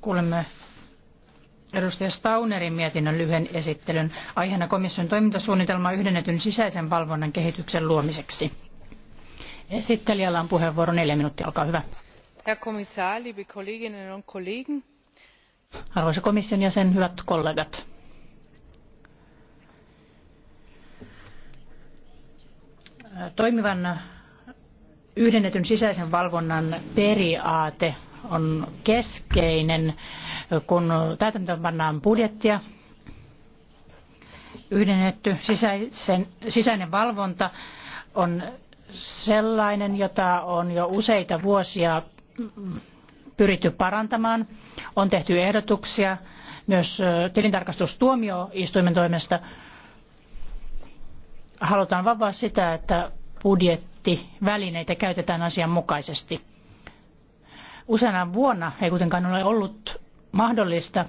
kuulemme edustaja Staunerin mietinnön lyhyen esittelyn aiheena komission toimintasuunnitelma yhdennetyn sisäisen valvonnan kehityksen luomiseksi. Esittelijällä on puheenvuoro neljä minuuttia, olkaa hyvä. Herr Kommissar, liebe Kolleginnen und Kollegen. Arvoisa komission jäsen, hyvät kollegat. Toimivan yhdennetyn sisäisen valvonnan periaate on keskeinen, kun täytäntöön pannaan budjettia. Yhdennetty sisäisen, sisäinen valvonta on sellainen, jota on jo useita vuosia pyritty parantamaan. On tehty ehdotuksia myös tilintarkastustuomioistuimen toimesta. Halutaan vavaa sitä, että budjettivälineitä käytetään asianmukaisesti. Useana vuonna ei kuitenkaan ole ollut mahdollista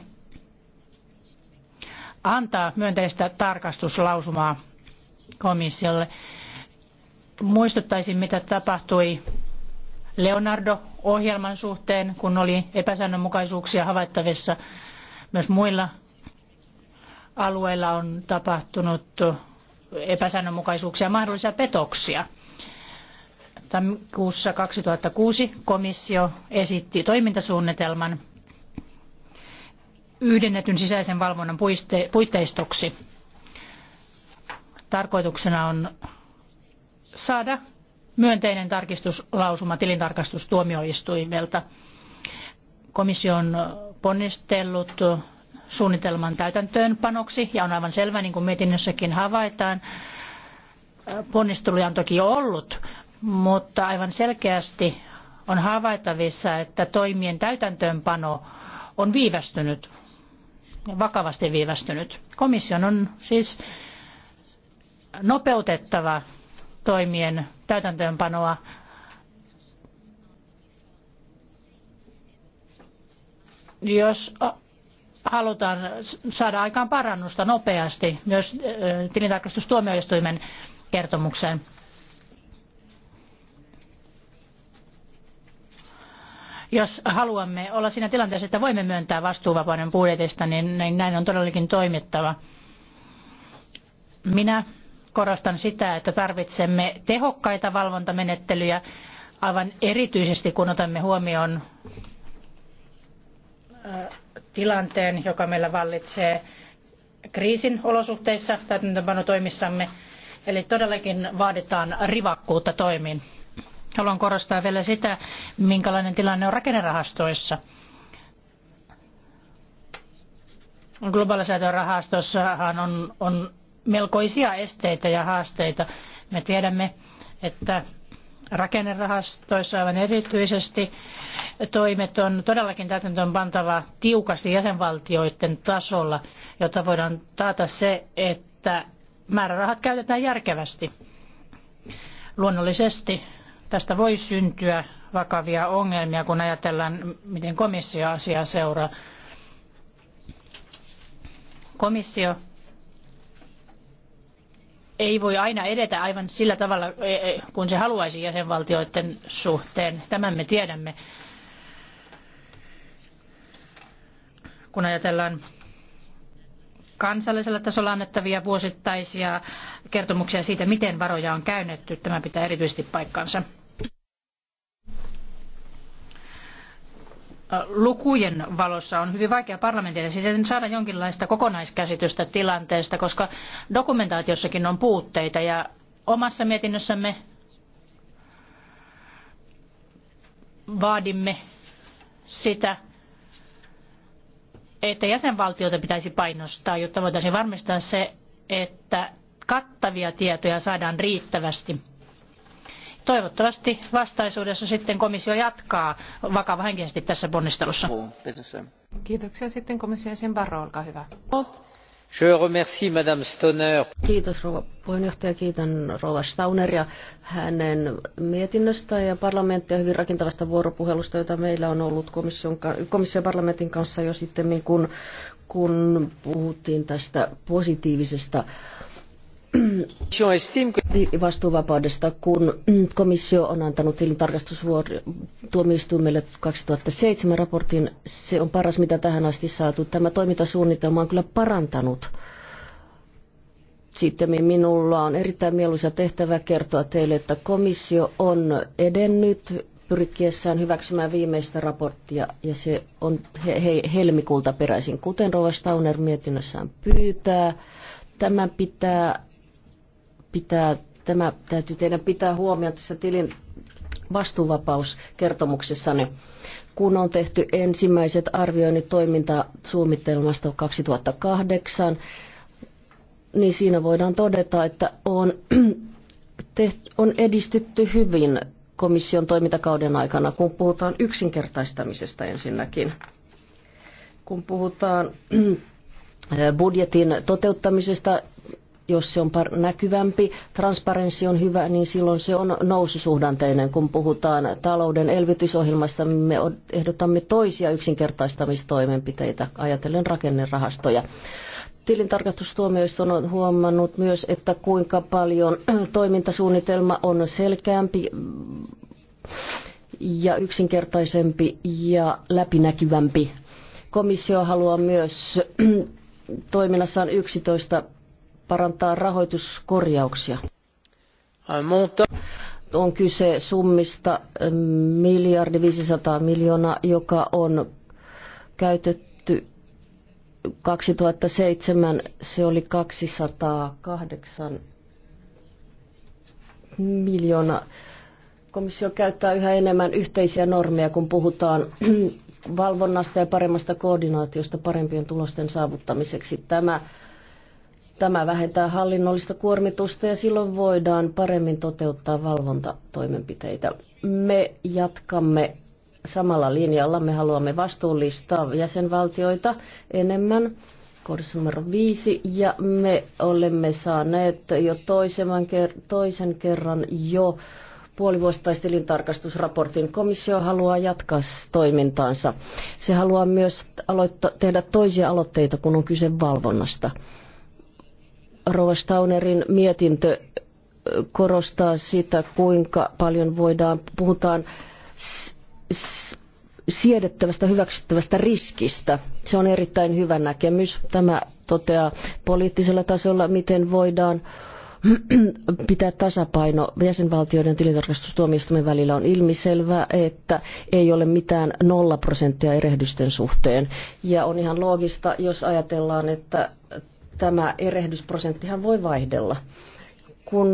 antaa myönteistä tarkastuslausumaa komissiolle. Muistuttaisin, mitä tapahtui Leonardo-ohjelman suhteen, kun oli epäsäännönmukaisuuksia havaittavissa. Myös muilla alueilla on tapahtunut epäsäännönmukaisuuksia, mahdollisia petoksia. Tammikuussa 2006 komissio esitti toimintasuunnitelman yhdennetyn sisäisen valvonnan puitteistoksi. Tarkoituksena on saada myönteinen tarkistuslausuma tilintarkastustuomioistuimelta. Komissio on ponnistellut suunnitelman täytäntöönpanoksi ja on aivan selvä, niin kuin mietinnössäkin havaitaan, ponnisteluja on toki ollut, mutta aivan selkeästi on havaittavissa, että toimien täytäntöönpano on viivästynyt, vakavasti viivästynyt. Komission on siis nopeutettava toimien täytäntöönpanoa jos halutaan saada aikaan parannusta nopeasti myös tilintarkastustuomioistuimen kertomukseen. Jos haluamme olla siinä tilanteessa, että voimme myöntää vastuuvapauden budjetista, niin, niin näin on todellakin toimittava. Minä korostan sitä, että tarvitsemme tehokkaita valvontamenettelyjä, aivan erityisesti kun otamme huomioon tilanteen, joka meillä vallitsee kriisin olosuhteissa täytäntöönpanotoimissamme. Eli todellakin vaaditaan rivakkuutta toimiin. Haluan korostaa vielä sitä, minkälainen tilanne on rakennerahastoissa. Globaalisäätörahastossahan on, on melkoisia esteitä ja haasteita. Me tiedämme, että rakennerahastoissa aivan erityisesti toimet on todellakin täytäntöön pantava tiukasti jäsenvaltioiden tasolla, jotta voidaan taata se, että määrärahat käytetään järkevästi. Luonnollisesti Tästä voi syntyä vakavia ongelmia, kun ajatellaan, miten komissio asiaa seuraa. Komissio ei voi aina edetä aivan sillä tavalla, e, e, kun se haluaisi jäsenvaltioiden suhteen. Tämän me tiedämme. Kun ajatellaan kansallisella tasolla annettavia vuosittaisia kertomuksia siitä, miten varoja on käynnetty, tämä pitää erityisesti paikkansa. lukujen valossa on hyvin vaikea parlamentille sitten siis saada jonkinlaista kokonaiskäsitystä tilanteesta, koska dokumentaatiossakin on puutteita ja omassa mietinnössämme vaadimme sitä, että jäsenvaltioita pitäisi painostaa, jotta voitaisiin varmistaa se, että kattavia tietoja saadaan riittävästi. Toivottavasti vastaisuudessa sitten komissio jatkaa vakavahenkisesti tässä ponnistelussa. Kiitoksia sitten komission jäsen Barro, olkaa hyvä. Kiitos rouva puheenjohtaja, kiitän rouva Stauneria hänen mietinnöstään ja parlamenttia hyvin rakentavasta vuoropuhelusta, jota meillä on ollut komission, komission parlamentin kanssa jo sitten, kun, kun puhuttiin tästä positiivisesta äh, vastuuvapaudesta, kun komissio on antanut tilintarkastustuomioistuimelle 2007 raportin. Se on paras, mitä tähän asti saatu. Tämä toimintasuunnitelma on kyllä parantanut sitten minulla on erittäin mieluisa tehtävä kertoa teille, että komissio on edennyt pyrkiessään hyväksymään viimeistä raporttia, ja se on he, he, helmikuulta peräisin, kuten Rova Stauner mietinnössään pyytää. Tämän pitää pitää, tämä täytyy teidän pitää huomioon tässä tilin vastuuvapauskertomuksessanne, kun on tehty ensimmäiset arvioinnit toimintasuunnitelmasta 2008, niin siinä voidaan todeta, että on, tehty, on edistytty hyvin komission toimintakauden aikana, kun puhutaan yksinkertaistamisesta ensinnäkin. Kun puhutaan budjetin toteuttamisesta jos se on näkyvämpi, transparenssi on hyvä, niin silloin se on noususuhdanteinen. Kun puhutaan talouden elvytysohjelmasta, me ehdotamme toisia yksinkertaistamistoimenpiteitä ajatellen rakennerahastoja. Tilintarkastustuomioistuin on huomannut myös, että kuinka paljon toimintasuunnitelma on selkeämpi ja yksinkertaisempi ja läpinäkyvämpi. Komissio haluaa myös toiminnassaan 11 parantaa rahoituskorjauksia. On kyse summista eh, miljardi 500 miljoonaa, joka on käytetty 2007. Se oli 208 miljoonaa. Komissio käyttää yhä enemmän yhteisiä normeja, kun puhutaan valvonnasta ja paremmasta koordinaatiosta parempien tulosten saavuttamiseksi. Tämä Tämä vähentää hallinnollista kuormitusta ja silloin voidaan paremmin toteuttaa valvontatoimenpiteitä. Me jatkamme samalla linjalla. Me haluamme vastuullistaa jäsenvaltioita enemmän kohdassa numero viisi, ja me olemme saaneet jo toisen, ker- toisen kerran jo tarkastusraportin. Komissio haluaa jatkaa toimintaansa. Se haluaa myös aloittaa, tehdä toisia aloitteita, kun on kyse valvonnasta. Rova Staunerin mietintö korostaa sitä, kuinka paljon voidaan, puhutaan siedettävästä, hyväksyttävästä riskistä. Se on erittäin hyvä näkemys. Tämä toteaa poliittisella tasolla, miten voidaan pitää tasapaino jäsenvaltioiden tilintarkastustuomioistuimen välillä on ilmiselvää, että ei ole mitään nolla prosenttia erehdysten suhteen. Ja on ihan loogista, jos ajatellaan, että tämä erehdysprosenttihan voi vaihdella. Kun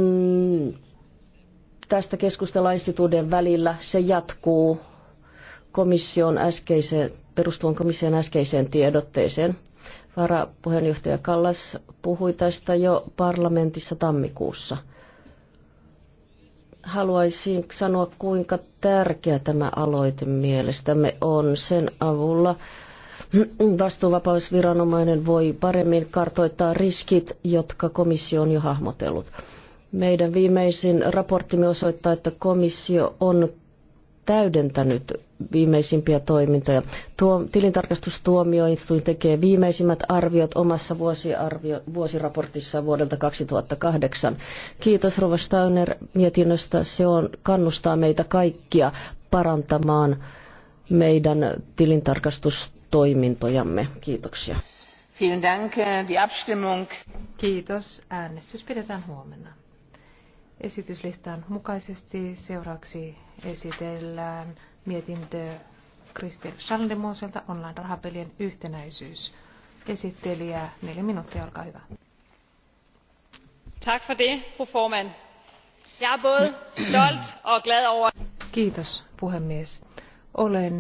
tästä keskustellaan instituuden välillä, se jatkuu komission äskeiseen, perustuen komission äskeiseen tiedotteeseen. Varapuheenjohtaja Kallas puhui tästä jo parlamentissa tammikuussa. Haluaisin sanoa, kuinka tärkeä tämä aloite mielestämme on. Sen avulla vastuuvapausviranomainen voi paremmin kartoittaa riskit, jotka komissio on jo hahmotellut. Meidän viimeisin raporttimme osoittaa, että komissio on täydentänyt viimeisimpiä toimintoja. Tuo, tilintarkastustuomioistuin tekee viimeisimmät arviot omassa vuosiarvio, vuosiraportissaan vuodelta 2008. Kiitos Rova Steiner mietinnöstä. Se on, kannustaa meitä kaikkia parantamaan meidän tilintarkastus toimintojamme. Kiitoksia. Vielen Dank. Äh, die Abstimmung. Kiitos. Äänestys pidetään huomenna. Esityslistan mukaisesti seuraavaksi esitellään mietintö Kristi Schaldemoselta online-rahapelien yhtenäisyys. Esittelijä, neljä minuuttia, olkaa hyvä. for det, fru formand. Jeg er både stolt og glad over... Kiitos, puhemies. Olen